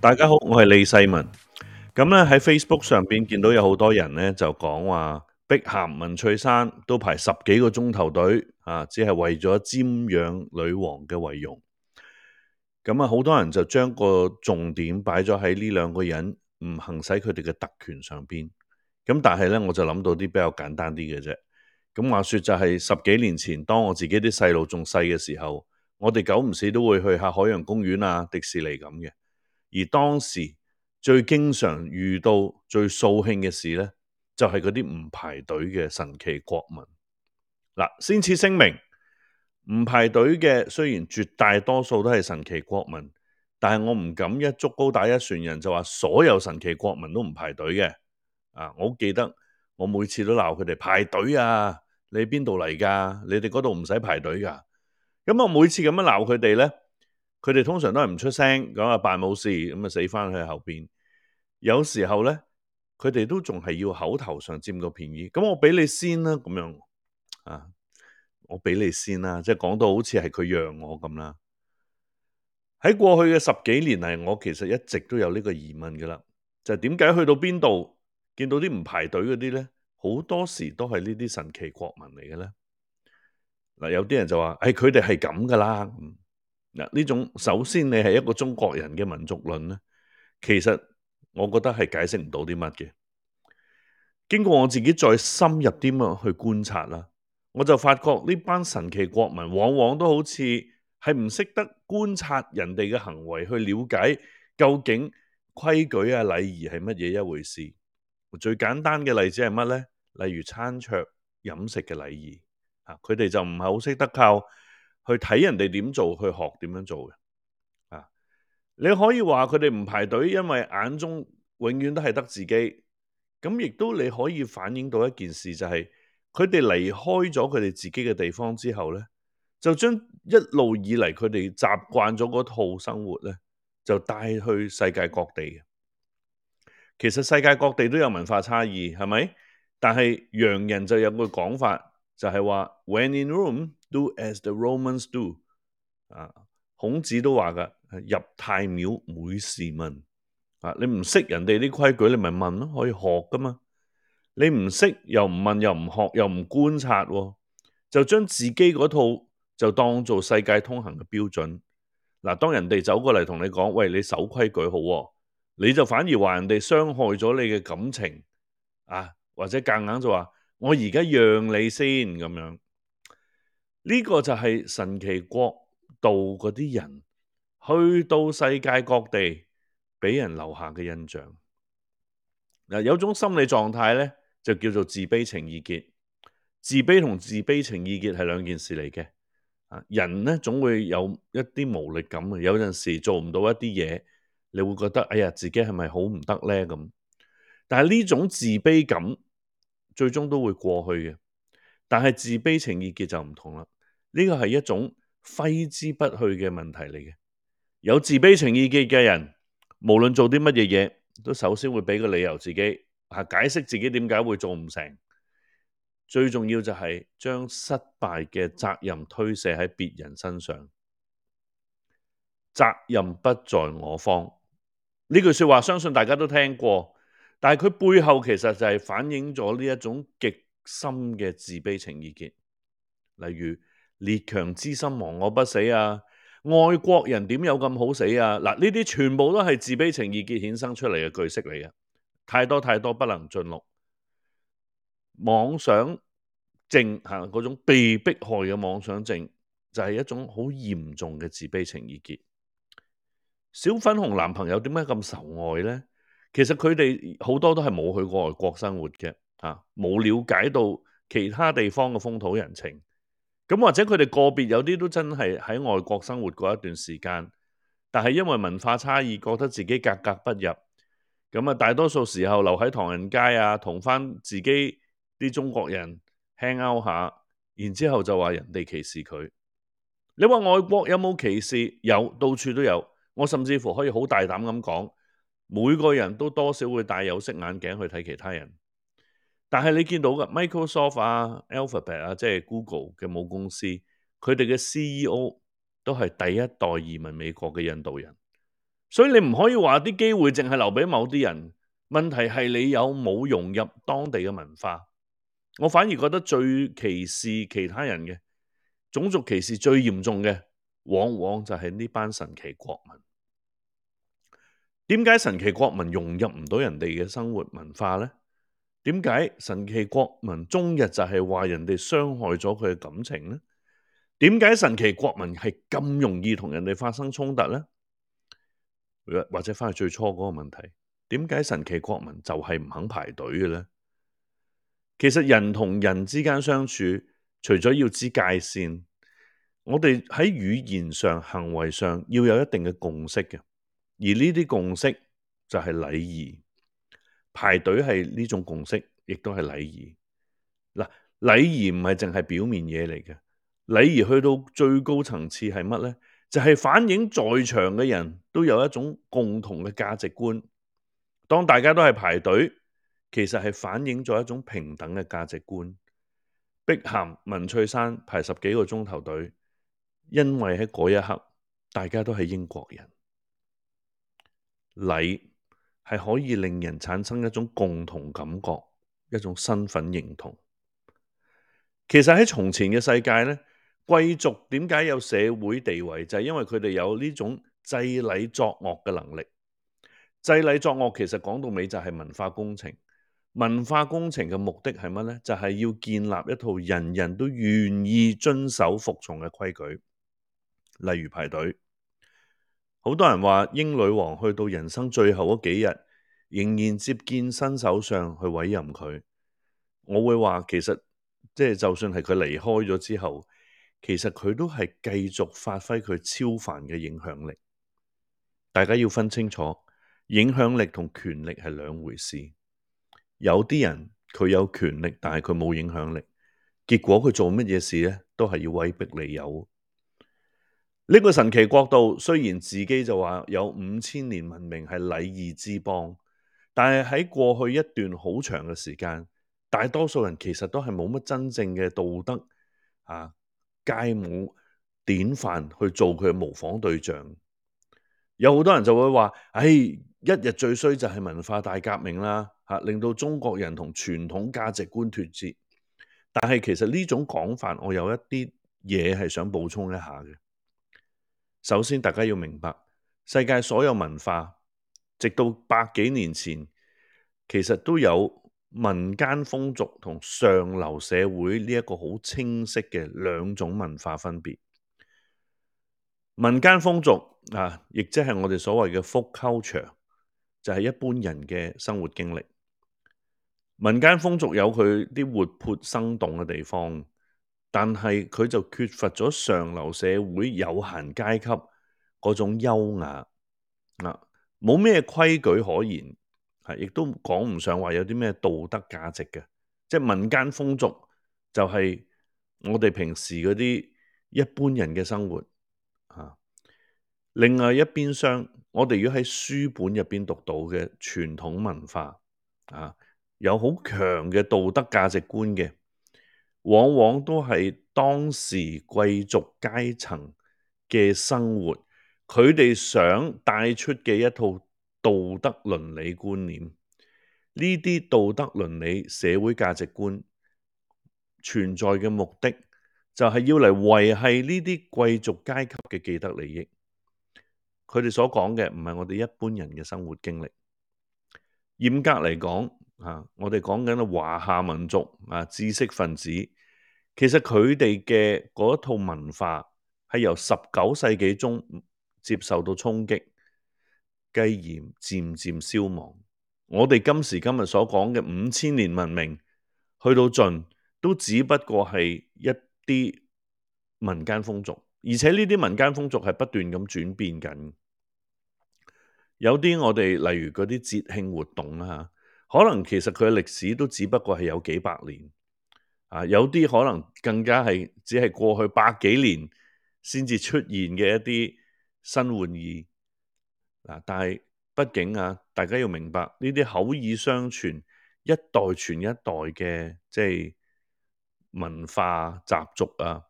大家好，我係李世民。咁咧喺 Facebook 上邊見到有好多人咧，就講話碧咸文翠山都排十幾個鐘頭隊啊，只係為咗瞻仰女王嘅遺容。咁啊，好多人就將個重點擺咗喺呢兩個人唔行使佢哋嘅特權上邊。咁但係咧，我就諗到啲比較簡單啲嘅啫。咁話說就係十幾年前，當我自己啲細路仲細嘅時候，我哋久唔久都會去下海洋公園啊、迪士尼咁嘅。而當時最經常遇到最掃興嘅事呢，就係嗰啲唔排隊嘅神奇國民。嗱，先此聲明，唔排隊嘅雖然絕大多數都係神奇國民，但係我唔敢一竹篙打一船人就話所有神奇國民都唔排隊嘅。啊，我記得我每次都鬧佢哋排隊啊！你邊度嚟㗎？你哋嗰度唔使排隊㗎？咁我每次咁樣鬧佢哋咧。佢哋通常都係唔出聲，講下扮冇事，咁啊，死翻去後邊。有時候咧，佢哋都仲係要口頭上佔個便宜。咁我俾你先啦，咁樣啊，我俾你先啦，即係講到好似係佢讓我咁啦。喺過去嘅十幾年嚟，我其實一直都有呢個疑問噶啦，就係點解去到邊度見到啲唔排隊嗰啲咧，好多時都係呢啲神奇國民嚟嘅咧。嗱、啊，有啲人就話：誒、哎，佢哋係咁噶啦。嗯嗱，呢種首先你係一個中國人嘅民族論咧，其實我覺得係解釋唔到啲乜嘅。經過我自己再深入啲咁去觀察啦，我就發覺呢班神奇國民往往都好似係唔識得觀察人哋嘅行為，去了解究竟規矩啊、禮儀係乜嘢一回事。最簡單嘅例子係乜咧？例如餐桌飲食嘅禮儀啊，佢哋就唔係好識得靠，去睇人哋點做，去學點樣做嘅啊！你可以話佢哋唔排隊，因為眼中永遠都係得自己。咁亦都你可以反映到一件事，就係，就係佢哋離開咗佢哋自己嘅地方之後咧，就將一路以嚟佢哋習慣咗嗰套生活咧，就帶去世界各地。其實世界各地都有文化差異，係咪？但係洋人就有個講法。就係話，When in Rome，do as the Romans do。啊，孔子都話噶，入太廟，每事問。啊，你唔識人哋啲規矩，你咪問咯，可以學噶嘛。你唔識又唔問又唔學又唔觀察，哦，就將自己嗰套就當做世界通行嘅標準。嗱、啊，當人哋走過嚟同你講，喂，你守規矩好，哦，你就反而話人哋傷害咗你嘅感情啊，或者夾硬就話。我而家讓你先咁樣，呢個就係神奇國度嗰啲人去到世界各地畀人留下嘅印象。嗱，有種心理狀態咧，就叫做自卑情意結。自卑同自卑情意結係兩件事嚟嘅。人咧總會有一啲無力感嘅，有陣時做唔到一啲嘢，你會覺得哎呀，自己係咪好唔得咧咁？但係呢種自卑感。最終都會過去嘅，但係自卑情意結就唔同啦。呢個係一種揮之不去嘅問題嚟嘅。有自卑情意結嘅人，無論做啲乜嘢嘢，都首先會畀個理由自己啊，解釋自己點解會做唔成。最重要就係將失敗嘅責任推卸喺別人身上，責任不在我方。呢句說話，相信大家都聽過。但係佢背後其實就係反映咗呢一種極深嘅自卑情意結，例如列強之心亡我不死啊，外國人點有咁好死啊？嗱，呢啲全部都係自卑情意結衍生出嚟嘅句式嚟嘅，太多太多不能盡錄。妄想症吓嗰種被迫害嘅妄想症，就係、是、一種好嚴重嘅自卑情意結。小粉紅男朋友點解咁仇外咧？其實佢哋好多都係冇去過外國生活嘅，啊，冇了解到其他地方嘅風土人情。咁、啊、或者佢哋個別有啲都真係喺外國生活過一段時間，但係因為文化差異，覺得自己格格不入。咁啊，大多數時候留喺唐人街啊，同翻自己啲中國人 hang out 下，然之後就話人哋歧視佢。你話外國有冇歧視？有，到處都有。我甚至乎可以好大膽咁講。每個人都多少會戴有色眼鏡去睇其他人，但係你見到嘅 Microsoft 啊、Alphabet 啊，即係 Google 嘅母公司，佢哋嘅 CEO 都係第一代移民美國嘅印度人，所以你唔可以話啲機會淨係留俾某啲人。問題係你有冇融入當地嘅文化？我反而覺得最歧視其他人嘅種族歧視最嚴重嘅，往往就係呢班神奇國民。點解神奇國民融入唔到人哋嘅生活文化呢？點解神奇國民終日就係話人哋傷害咗佢嘅感情呢？點解神奇國民係咁容易同人哋發生衝突呢？或者翻去最初嗰個問題，點解神奇國民就係唔肯排隊嘅咧？其實人同人之間相處，除咗要知界線，我哋喺語言上、行為上要有一定嘅共識嘅。而呢啲共識就係禮儀，排隊係呢種共識，亦都係禮儀。嗱，禮儀唔係淨係表面嘢嚟嘅，禮儀去到最高層次係乜呢？就係、是、反映在場嘅人都有一種共同嘅價值觀。當大家都係排隊，其實係反映咗一種平等嘅價值觀。碧咸、文翠山排十幾個鐘頭隊，因為喺嗰一刻，大家都係英國人。禮係可以令人產生一種共同感覺，一種身份認同。其實喺從前嘅世界呢，貴族點解有社會地位？就係因為佢哋有呢種祭禮作樂嘅能力。祭禮作樂其實講到尾就係文化工程。文化工程嘅目的係乜呢？就係要建立一套人人都願意遵守、服從嘅規矩，例如排隊。好多人話英女王去到人生最後嗰幾日，仍然接見新首相去委任佢。我會話，其實即係、就是、就算係佢離開咗之後，其實佢都係繼續發揮佢超凡嘅影響力。大家要分清楚，影響力同權力係兩回事。有啲人佢有權力，但係佢冇影響力。結果佢做乜嘢事咧，都係要威逼利誘。呢個神奇國度雖然自己就話有五千年文明係禮儀之邦，但係喺過去一段好長嘅時間，大多數人其實都係冇乜真正嘅道德啊楷模典範去做佢嘅模仿對象。有好多人就會話：唉、哎，一日最衰就係文化大革命啦，吓、啊、令到中國人同傳統價值觀脫節。但係其實呢種講法，我有一啲嘢係想補充一下嘅。首先，大家要明白，世界所有文化，直到百幾年前，其實都有民間風俗同上流社會呢一個好清晰嘅兩種文化分別。民間風俗啊，亦即係我哋所謂嘅 folk culture，就係一般人嘅生活經歷。民間風俗有佢啲活潑生動嘅地方。但係佢就缺乏咗上流社會有限階級嗰種優雅啊，冇咩規矩可言，亦都講唔上話有啲咩道德價值嘅，即係民間風俗就係我哋平時嗰啲一般人嘅生活啊。另外一邊廂，我哋如果喺書本入邊讀到嘅傳統文化啊，有好強嘅道德價值觀嘅。往往都係當時貴族階層嘅生活，佢哋想帶出嘅一套道德倫理觀念，呢啲道德倫理社會價值觀存在嘅目的，就係要嚟維繫呢啲貴族階級嘅既得利益。佢哋所講嘅唔係我哋一般人嘅生活經歷。嚴格嚟講，啊，我哋講緊嘅華夏民族啊，知識分子。其實佢哋嘅嗰套文化係由十九世紀中接受到衝擊，繼而漸漸消亡。我哋今時今日所講嘅五千年文明，去到盡都只不過係一啲民間風俗，而且呢啲民間風俗係不斷咁轉變緊。有啲我哋例如嗰啲節慶活動啊，可能其實佢嘅歷史都只不過係有幾百年。啊，有啲可能更加係只係過去百幾年先至出現嘅一啲新玩意啊，但係畢竟啊，大家要明白呢啲口耳相傳、一代傳一代嘅即係文化習俗啊，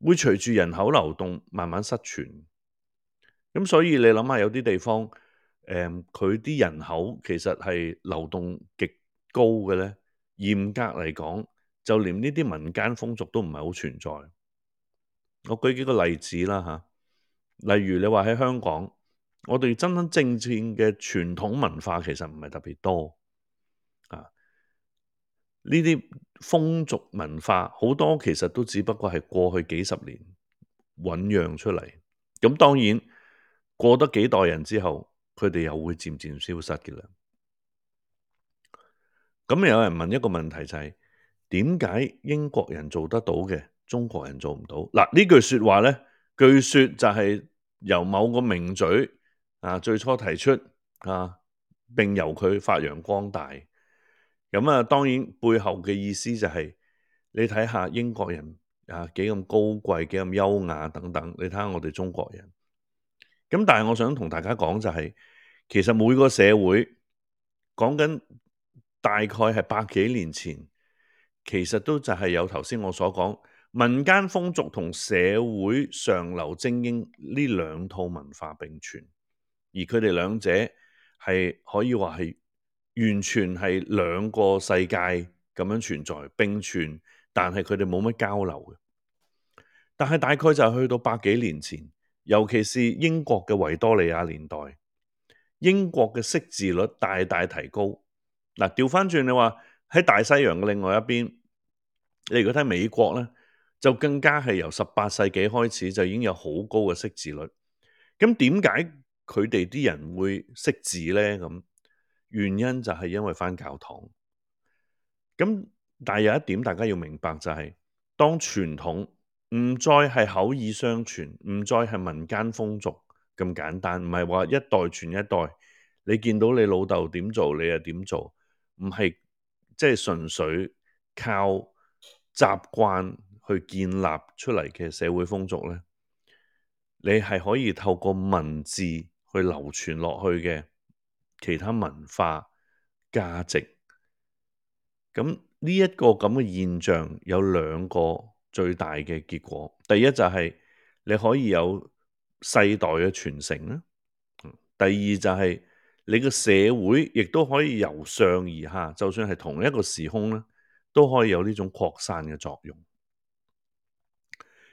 會隨住人口流動慢慢失傳。咁所以你諗下，有啲地方誒，佢、嗯、啲人口其實係流動極高嘅咧，嚴格嚟講。就連呢啲民間風俗都唔係好存在，我舉幾個例子啦吓，例如你話喺香港，我哋真真正正嘅傳統文化其實唔係特別多啊，呢啲風俗文化好多其實都只不過係過去幾十年醞釀出嚟，咁當然過得幾代人之後，佢哋又會漸漸消失嘅啦。咁有人問一個問題就係。點解英國人做得到嘅，中國人做唔到？嗱，呢句說話咧，據說就係由某個名嘴啊最初提出啊，並由佢發揚光大。咁啊，當然背後嘅意思就係、是、你睇下英國人啊幾咁高貴，幾咁優雅等等。你睇下我哋中國人。咁但係我想同大家講就係、是，其實每個社會講緊大概係百幾年前。其實都就係有頭先我所講民間風俗同社會上流精英呢兩套文化並存，而佢哋兩者係可以話係完全係兩個世界咁樣存在並存，但係佢哋冇乜交流嘅。但係大概就係去到百幾年前，尤其是英國嘅維多利亞年代，英國嘅識字率大大提高。嗱，調翻轉你話。喺大西洋嘅另外一邊，你如果睇美國咧，就更加係由十八世紀開始就已經有好高嘅識字率。咁點解佢哋啲人會識字咧？咁原因就係因為返教堂。咁但係有一點大家要明白就係，當傳統唔再係口耳相傳，唔再係民間風俗咁簡單，唔係話一代傳一代，你見到你老豆點做，你又點做，唔係。即係純粹靠習慣去建立出嚟嘅社會風俗咧，你係可以透過文字去流傳落去嘅其他文化價值。咁呢一個咁嘅現象有兩個最大嘅結果，第一就係你可以有世代嘅傳承啦，第二就係。你個社會亦都可以由上而下，就算係同一個時空咧，都可以有呢種擴散嘅作用。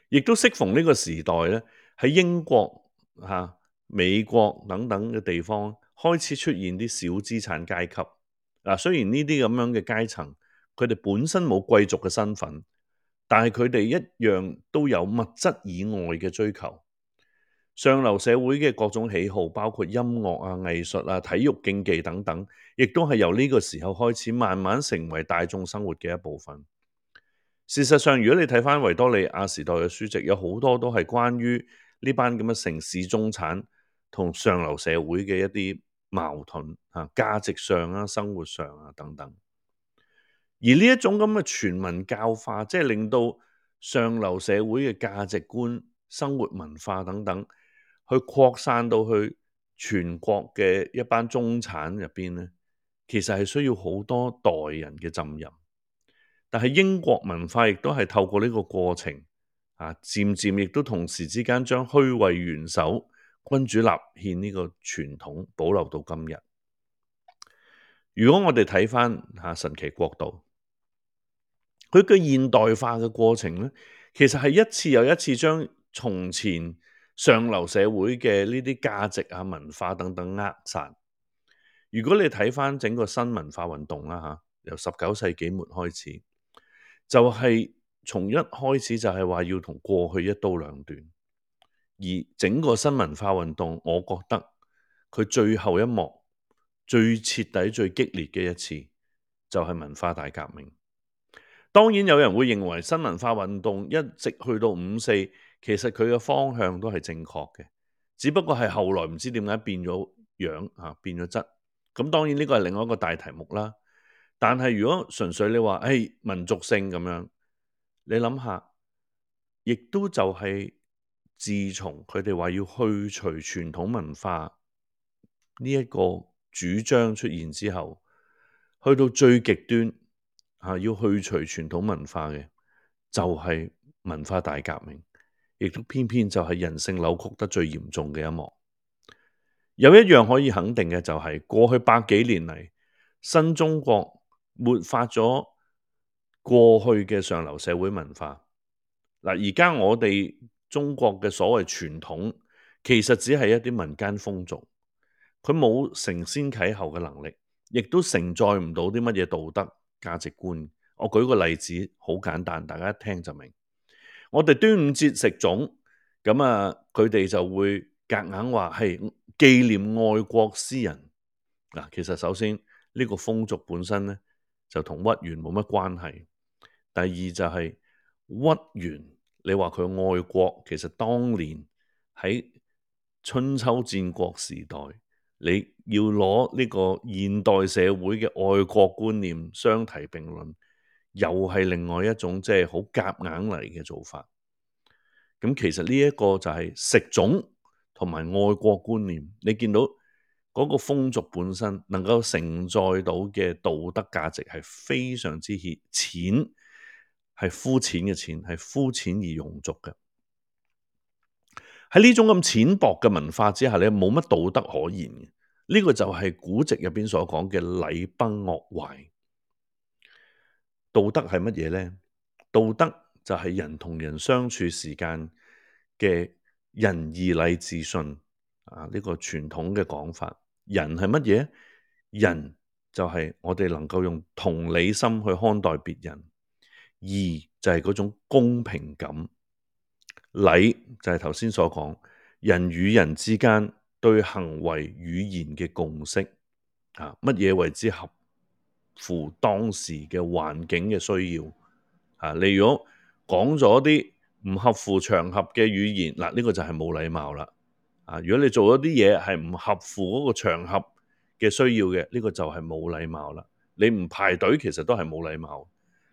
亦都適逢呢個時代咧，喺英國、吓美國等等嘅地方開始出現啲小資產階級。嗱，雖然呢啲咁樣嘅階層，佢哋本身冇貴族嘅身份，但係佢哋一樣都有物質以外嘅追求。上流社會嘅各種喜好，包括音樂啊、藝術啊、體育競技等等，亦都係由呢個時候開始，慢慢成為大眾生活嘅一部分。事實上，如果你睇返維多利亞時代嘅書籍，有好多都係關於呢班咁嘅城市中產同上流社會嘅一啲矛盾啊，價值上啊、生活上啊等等。而呢一種咁嘅全民教化，即係令到上流社會嘅價值觀、生活文化等等，去擴散到去全國嘅一班中產入邊，呢其實係需要好多代人嘅浸淫。但係英國文化亦都係透過呢個過程啊，漸漸亦都同時之間將虛位元首君主立憲呢個傳統保留到今日。如果我哋睇翻吓神奇國度，佢嘅現代化嘅過程呢，其實係一次又一次將從前。上流社會嘅呢啲價值啊、文化等等扼殺。如果你睇返整個新文化運動啦，嚇、啊、由十九世紀末開始，就係、是、從一開始就係話要同過去一刀兩斷。而整個新文化運動，我覺得佢最後一幕最徹底、最激烈嘅一次，就係、是、文化大革命。當然有人會認為新文化運動一直去到五四。其實佢嘅方向都係正確嘅，只不過係後來唔知點解變咗樣啊，變咗質。咁、啊、當然呢個係另外一個大題目啦。但係如果純粹你話，誒、哎、民族性咁樣，你諗下，亦都就係自從佢哋話要去除傳統文化呢一個主張出現之後，去到最極端啊要去除傳統文化嘅，就係文化大革命。亦都偏偏就係人性扭曲得最嚴重嘅一幕。有一樣可以肯定嘅就係，過去百幾年嚟，新中國抹發咗過去嘅上流社會文化。嗱，而家我哋中國嘅所謂傳統，其實只係一啲民間風俗，佢冇承先啟後嘅能力，亦都承載唔到啲乜嘢道德價值觀。我舉個例子，好簡單，大家一聽就明。我哋端午節食粽，咁啊，佢哋就會夾硬話係紀念愛國詩人。嗱，其實首先呢個風俗本身咧就同屈原冇乜關係。第二就係屈原，你話佢愛國，其實當年喺春秋戰國時代，你要攞呢個現代社會嘅愛國觀念相提並論，又係另外一種，即係好夾硬嚟嘅做法。咁其實呢一個就係食種同埋愛國觀念。你見到嗰個風俗本身能夠承載到嘅道德價值係非常之淺，係膚淺嘅淺，係膚淺而庸俗嘅。喺呢種咁淺薄嘅文化之下咧，冇乜道德可言。呢個就係古籍入邊所講嘅禮崩樂壞。道德係乜嘢呢？道德就係人同人相處時間嘅仁義禮智信啊！呢個傳統嘅講法，人係乜嘢？人就係我哋能夠用同理心去看待別人，義就係嗰種公平感，禮就係頭先所講人與人之間對行為語言嘅共識啊！乜嘢為之合？符當時嘅環境嘅需要，啊！你如果講咗啲唔合乎場合嘅語言，嗱、啊、呢、呢個就係冇禮貌啦。啊！如果你做咗啲嘢係唔合乎嗰個場合嘅需要嘅，呢、呢個就係冇禮貌啦。你唔排隊其實都係冇禮貌。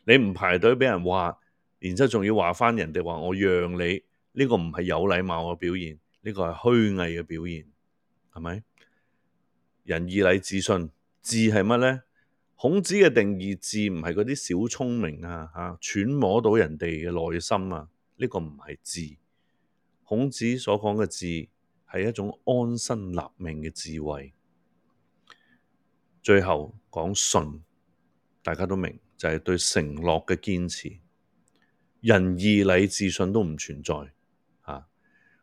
你唔排隊俾人話，然之後仲要話翻人哋話我讓你，呢、呢個唔係有禮貌嘅表現，呢、呢個係虛偽嘅表現，係咪？仁義禮智信，智係乜呢？孔子嘅定義智，唔係嗰啲小聰明啊，揣摩到人哋嘅內心啊，呢、這個唔係智，孔子所講嘅智係一種安身立命嘅智慧。最後講信，大家都明，就係、是、對承諾嘅堅持。仁義禮智信都唔存在啊！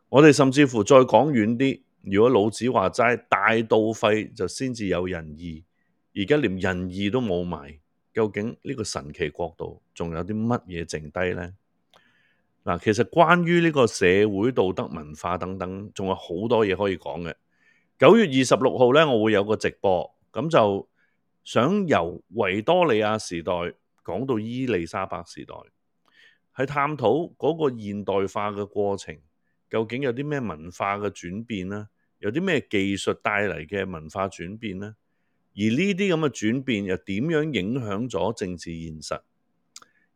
我哋甚至乎再講遠啲，如果老子話齋大道廢就，就先至有仁義。而家連仁義都冇埋，究竟呢個神奇國度仲有啲乜嘢剩低呢？嗱，其實關於呢個社會道德文化等等，仲有好多嘢可以講嘅。九月二十六號咧，我會有個直播，咁就想由維多利亞時代講到伊麗莎白時代，係探討嗰個現代化嘅過程，究竟有啲咩文化嘅轉變呢？有啲咩技術帶嚟嘅文化轉變呢？而呢啲咁嘅轉變又點樣影響咗政治現實？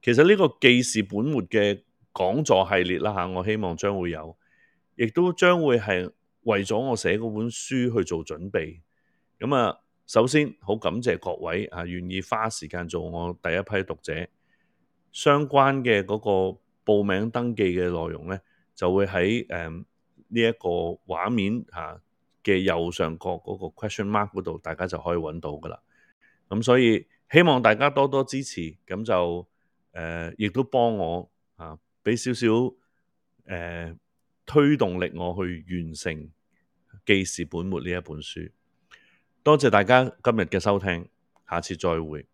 其實呢個記事本末嘅講座系列啦嚇，我希望將會有，亦都將會係為咗我寫嗰本書去做準備。咁啊，首先好感謝各位啊，願意花時間做我第一批讀者。相關嘅嗰個報名登記嘅內容咧，就會喺誒呢一個畫面嚇嘅右上角嗰個 question mark 嗰度，大家就可以揾到噶啦。咁所以希望大家多多支持，咁就誒亦、呃、都幫我啊俾少少誒推動力，我去完成《記事本末》呢一本書。多謝大家今日嘅收聽，下次再會。